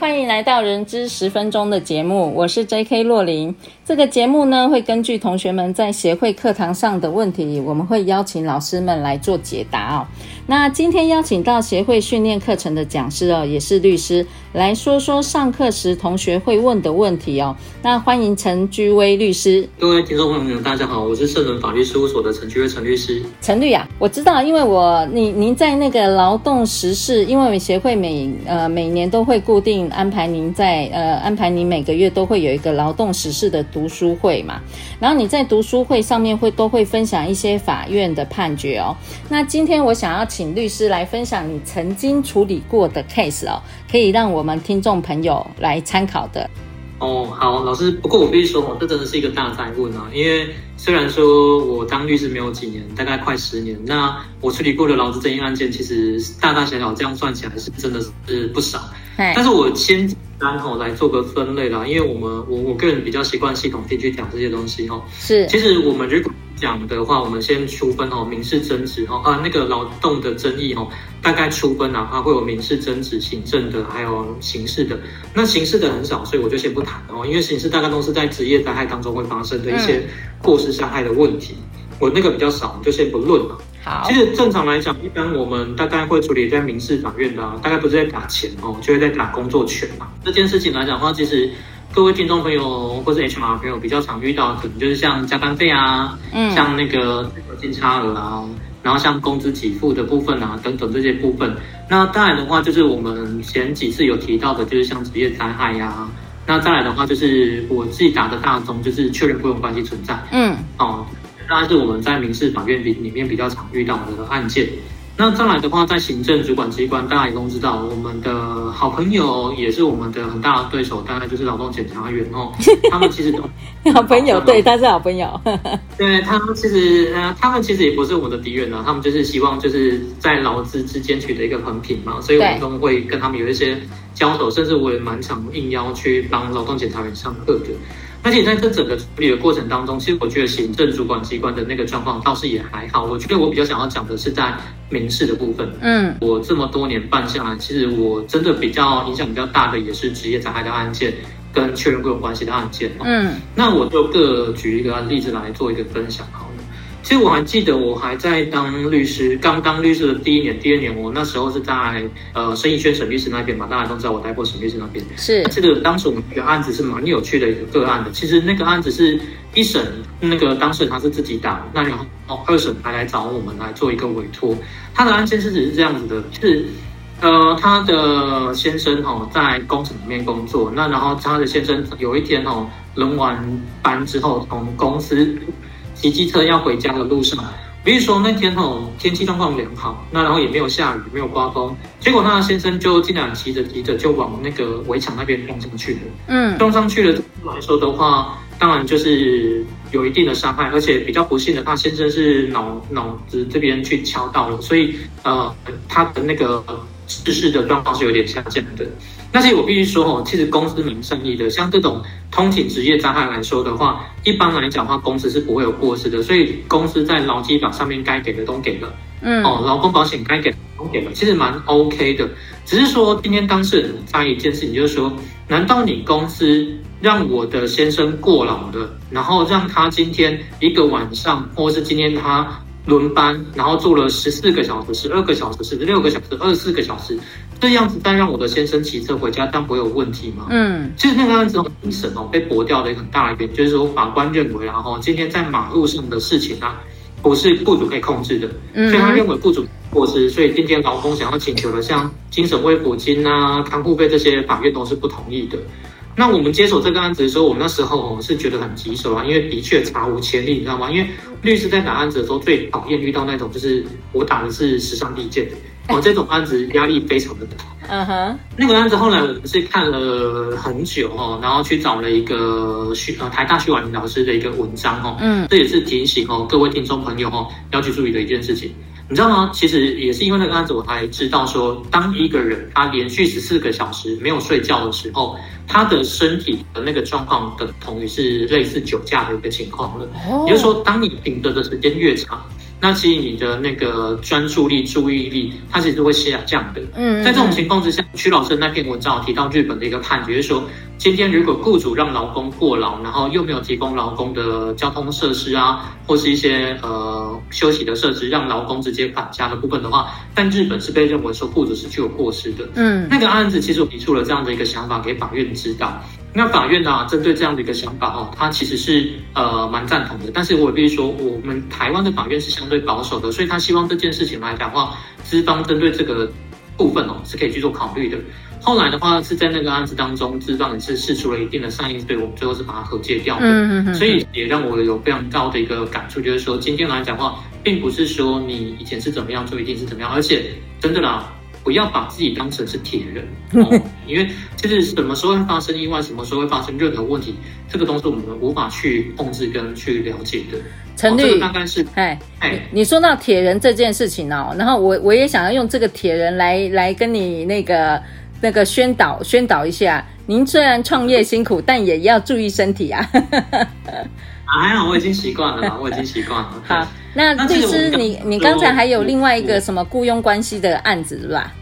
歡迎來到人資十分鐘的節目，我是 J.K. 羅琳。這個節目呢，會根據同學們在協會課堂上的問題，我們會邀請老師們來做解答哦。那今天邀請到協會訓練課程的講師哦，也是律師來說說上課時同學會問的問題哦。那歡迎程居威律師。各位聽眾朋友們，大家好，我是勝綸法律事務所的程居威程律師。程律啊，我知道，因為我你您在那個勞動時事，因為我們協會每呃每年都會固定。安排您在呃，安排你每個月都會有一個勞動時事的讀書會嘛，然後你在讀書會上面會都會分享一些法院的判決哦。那今天我想要請律師來分享你曾經處理過的 case 哦，可以讓我們聽眾朋友來參考的。哦，好，老師，不過我必須說哦，這真的是一個大哉問啊，因為雖然說我當律師沒有幾年，大概快十年，那我處理過的勞資爭議案件，其實大大小小這樣算起來是真的是不少。嘿但是我先簡單吼來做個分類啦，因為我們我我個人比較習慣系統地去講這些東西吼。是，其實我們如果講的話，我們先粗分吼，民事爭執吼啊，那個勞動的爭議吼，大概粗分的話會有民事爭執、行政的，還有刑事的。那刑事的很少，所以我就先不談哦，因為刑事大概都是在職業災害當中會發生的一些。嗯過失傷害的問題，我那個比較少，就先不論了。好，其實正常來講，一般我們大概會處理在民事法院的啊，大概不是在打錢哦，就會在打工作權嘛。這件事情來講的話，其實各位聽眾朋友或是 HR 朋友比較常遇到，可能就是像加班費啊，嗯，像那個獎金差額啊，然後像工資給付的部分啊，等等這些部分。那當然的話，就是我們前幾次有提到的，就是像職業災害呀。那再來的話，就是我自己打的大宗，就是確認雇傭關係存在。嗯，哦、啊，當然是我們在民事法院裡裡面比較常遇到的這個案件。那再來的話，在行政主管機關，大家也都知道，我們的好朋友也是我們的很大的對手，大概就是勞動檢查員哦。他們其實都 好朋友，們對，他是好朋友。對 他們其實呃，他們其實也不是我的敵人呢、啊，他們就是希望就是在勞資之間取得一個平衡嘛。所以我們都會跟他們有一些交手，甚至我也蠻常應邀去幫勞動檢查員上課的。而且在這整個處理的過程當中，其實我覺得行政主管機關的那個狀況倒是也還好。我覺得我比較想要講的是在民事的部分，嗯，我這麼多年辦下來，其實我真的比較影響比較大的也是職業災害的案件跟確認僱傭關係的案件，嗯，那我就各舉一個例子來做一個分享哈。其實我還記得，我還在當律師，剛當律師的第一年、第二年，我那時候是在呃生意圈沈律師那邊嘛，大家都知道我待過沈律師那邊。是，記得當時我們一個案子是蠻有趣的一個個案的。其實那個案子是一審那個當事人他是自己打，那然後、哦、二審還來找我們來做一個委託。他的案件事實是這樣子的：是呃，他的先生哦在工程裡面工作，那然後他的先生有一天哦輪完班之後，從公司。騎機車要回家的路上，比如說那天哦，天氣狀況良好，那然後也沒有下雨，沒有颳風，結果那先生就進來騎着騎着就往那個圍牆那邊撞上去了。嗯，撞上去了來說的話，當然就是有一定的傷害，而且比較不幸的，他先生是腦腦子這邊去敲到了，所以呃，他的那個意識的狀況是有點下降的。那些我必須說哦，其實公司蠻善意的，像這種通勤職業災害來說的話，一般來講的話，公司是不會有過失的。所以公司在勞基法上面該給的都給了，嗯，哦，勞工保險該給的都給了，其實蠻 OK 的。只是說今天當事人在一件事情，你就是說，難道你公司讓我的先生過勞了，然後讓他今天一個晚上，或是今天他輪班，然後做了十四個小時、十二個小時、十六個小時、二十四個小時？這樣子再讓我的先生騎車回家，但不會有問題嗎？嗯，其實那個案子精神哦、喔、被駁掉的一個很大的原因，就是說法官認為、啊，然後今天在馬路上的事情啊，不是雇主可以控制的，所以他認為雇主不過失，所以今天勞工想要請求的像精神慰撫金啊、看護費這些，法院都是不同意的。那我們接手這個案子的時候，我那時候、哦，是覺得很棘手啊，因為的確查無前例，你知道嗎？因為律師在打案子的時候最討厭遇到那種就是我打的是史上第一件哦，這種案子，壓力非常的大。嗯哼、uh，huh. 那個案子後來我們是看了很久哦，然後去找了一個徐呃台大徐婉寧老師的一個文章哦，嗯，這也是提醒哦各位聽眾朋友哦要去注意的一件事情。你知道嗎？其實也是因為那個案子，我才知道說，當一個人他連續十四個小時沒有睡覺的時候，他的身體的那個狀況等同於是類似酒駕的一個情況了。也就是說，當你停的的時間越長，那其實你的那個專注力、注意力，它其實會下降的。嗯，在這種情況之下，曲老師那篇文章提到日本的一個判決，就是說。今天如果雇主讓勞工過勞，然後又沒有提供勞工的交通設施啊，或是一些呃休息的設施，讓勞工直接返家的部分的話，但日本是被認為說雇主是具有過失的。嗯，那個案子其實我提出了這樣的一個想法給法院知道。那法院呢、啊，針對這樣的一個想法哦、啊，他其實是呃蠻贊同的。但是我也必須說，我們臺灣的法院是相對保守的，所以他希望這件事情來講的話，資方針對這個部分哦、啊，是可以去做考慮的。後來的話是在那個案子當中，資方也是釋出了一定的善意，對，我們最後是把它和解掉的。嗯、哼哼哼，所以也讓我有非常高的一個感觸，就是說今天來講的話，並不是說你以前是怎麼樣，就一定是怎麼樣。而且真的啦，不要把自己當成是鐵人、 哦、因為就是什麼時候會發生意外，什麼時候會發生任何問題，這個都是我們無法去控制跟去了解的。程、哦、律大概是嘿你，你說到鐵人這件事情哦，然後我我也想要用這個鐵人來來跟你那個。那個宣導宣導一下，您雖然創業辛苦，但也要注意身體啊！ 啊，還好我已經習慣了，我已經習慣了。好，那律師，其實你你剛才還有另外一個什麼僱傭關係的案子是吧？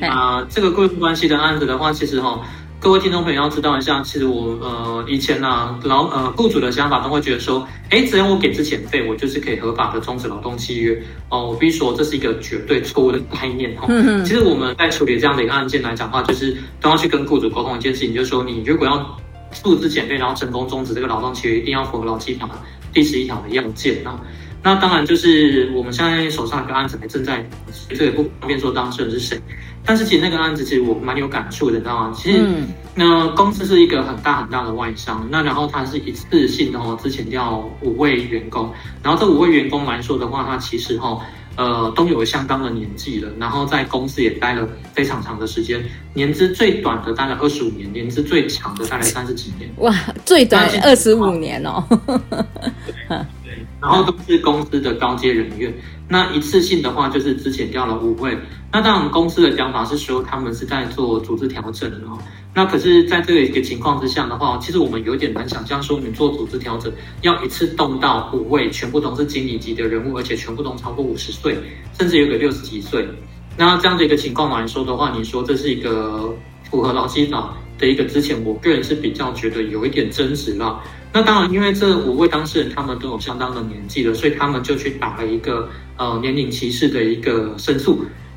啊，這個僱傭關係的案子的話，其實哈、哦。各位聽眾朋友要知道一下，其實我呃以前呢、啊，勞呃雇主的想法都會覺得說，誒只要我給資遣費，我就是可以合法的終止勞動契約。哦，我必須說這是一個絕對錯誤的概念、哦、其實我們在處理這樣的一個案件來講的話，就是都要去跟雇主溝通一件事情，就是說你如果要付資遣費，然後成功終止這個勞動契約，一定要符合勞基法，第十一條的要件、啊。那那當然，就是我們現在手上一個案子還正在，所也不方便說當事人是誰。但是其實那個案子，其實我蠻有感觸的，你知道嗎？其實那、嗯呃、公司是一個很大很大的外商，那然後它是一次性的哦，之前要五位員工。然後這五位員工來說的話，他其實哈、哦、呃都有相當的年紀了，然後在公司也待了非常長的時間，年資最短的待了二十五年，年資最長的待了三十幾年。哇，最短二十五年哦。然後都是公司的高階人員，那一次性的話就是資遣掉了五位，那當然公司的想法是說他們是在做組織調整哦。那可是在這個一個情況之下的話，其實我們有點難想象像說你做組織調整要一次動到五位，全部都是經理級的人物，而且全部都超過五十歲，甚至有個六十幾歲。那這樣的一個情況來說的話，你說這是一個符合勞基法的一個資遣，我個人是比較覺得有一點真實了。那當然，因為這五位當事人他們都有相當的年紀了，所以他們就去打了一個呃年齡歧視的一個申訴。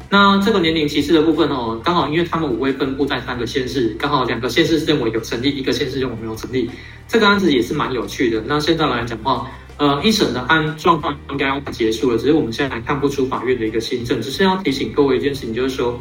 那這個年齡歧視的部分哦，剛好因為他們五位分佈在三個縣市，剛好兩個縣市認為有成立，一個縣市認為沒有成立。這個案子也是蠻有趣的。那現在來講的話，呃，一審的案狀況應該要結束了，只是我們現在還看不出法院的一個心證。只是要提醒各位一件事情，就是說。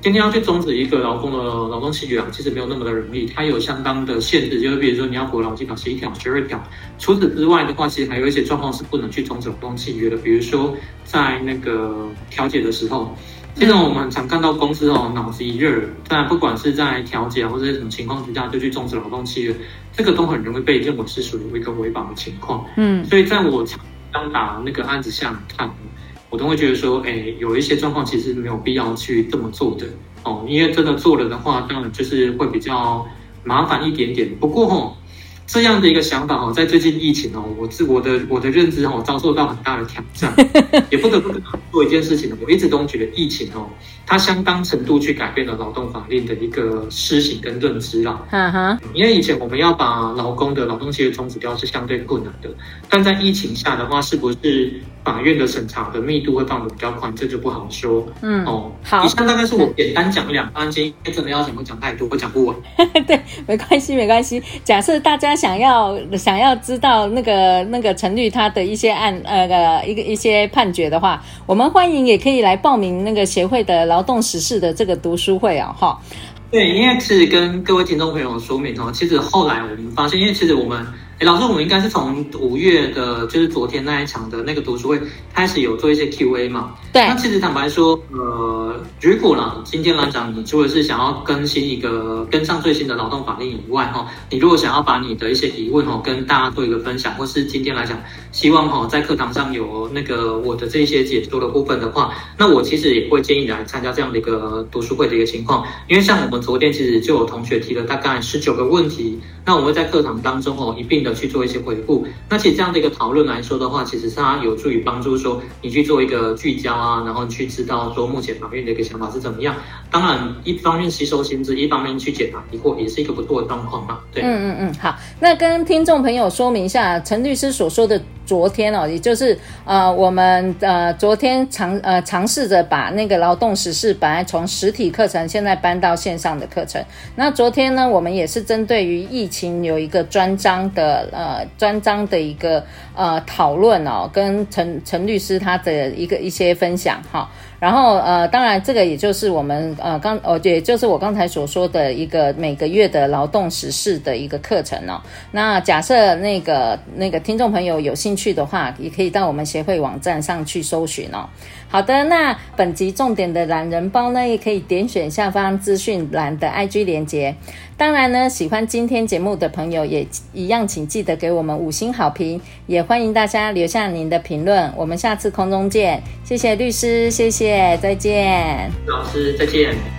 今天要去終止一個勞工的勞動契約啊，其實沒有那麼的容易，它有相當的限制，就是比如說你要符合幾條、十一條、十二條。除此之外的話，其實還有一些狀況是不能去終止勞動契約的，比如說在那個調解的時候，現在我們常看到公司哦，腦子一熱，但不管是在調解或者是什麼情況之下就去終止勞動契約，這個都很容易被認為是屬於一個違法的情況。嗯，所以在我剛剛打那個案子下來看。我都會覺得說，誒，有一些狀況其實沒有必要去這麼做的哦，因為真的做了的話，當然就是會比較麻煩一點點，不過。這樣的一個想法哦，在最近疫情哦，我自我的我的認知哈，遭受到很大的挑戰， 也不得不做一件事情。我一直都覺得疫情哦，它相當程度去改變了勞動法令的一個施行跟認知啦。嗯哼，因為以前我們要把勞工的勞動契約終止掉是相對困難的，但在疫情下的話，是不是法院的審查的密度會放得比較寬？這就不好說。 嗯，哦，好，以上大概是我簡單講兩分鐘，今天真的要怎麼講太多，我講不完。 對，沒關係，沒關係。假設大家。想要想要知道那個那個程律他的一些案呃一個一些判決的話，我們歡迎也可以來報名那個協會的勞動時事的這個讀書會啊、哦、哈。對，因為其實跟各位聽眾朋友說明哦，其實後來我們發現，因為其實我們。誒、欸，老師，我們應該是從五月的，就是昨天那一場的那個讀書會開始有做一些 Q&A 嘛？對。那其實坦白說，呃，如果呢，今天來講，你除了是想要更新一個、跟上最新的勞動法令以外哈，你如果想要把你的一些疑問哈跟大家做一個分享，或是今天來講，希望哈在課堂上有那個我的這一些解說的部分的話，那我其實也會建議你來參加這樣的一個讀書會的一個情況，因為像我們昨天其實就有同學提了大概十九個問題，那我們會在課堂當中哦一併的。去做一些回復。那其實這樣的一個討論來說的話，其實它有助於幫助說你去做一個聚焦啊，然後去知道說目前法院的一個想法是怎麼樣。當然，一方面吸收新知，一方面去解答疑惑，也是一個不錯的狀況嘛。對，嗯嗯嗯，好，那跟聽眾朋友說明一下，程律師所說的。昨天哦，也就是呃，我們呃，昨天嘗呃嘗試着把那個勞動時事本來從實體課程現在搬到線上的課程。那昨天呢，我們也是針對於疫情有一個專章的呃專章的一個呃討論哦，跟程程律師他的一個一些分享哈。然後呃，當然這個也就是我們呃剛哦，也就是我剛才所說的一個每個月的勞動時事的一個課程哦。那假設那個那個聽眾朋友有興趣的話，也可以到我們協會網站上去搜尋哦。好的，那本集重點的懶人包呢，也可以點選下方資訊欄的 IG 連結。當然呢，喜歡今天節目的朋友也一樣，請記得給我們五星好評，也歡迎大家留下您的評論。我們下次空中見，謝謝律師，謝謝，再見，老師，再見。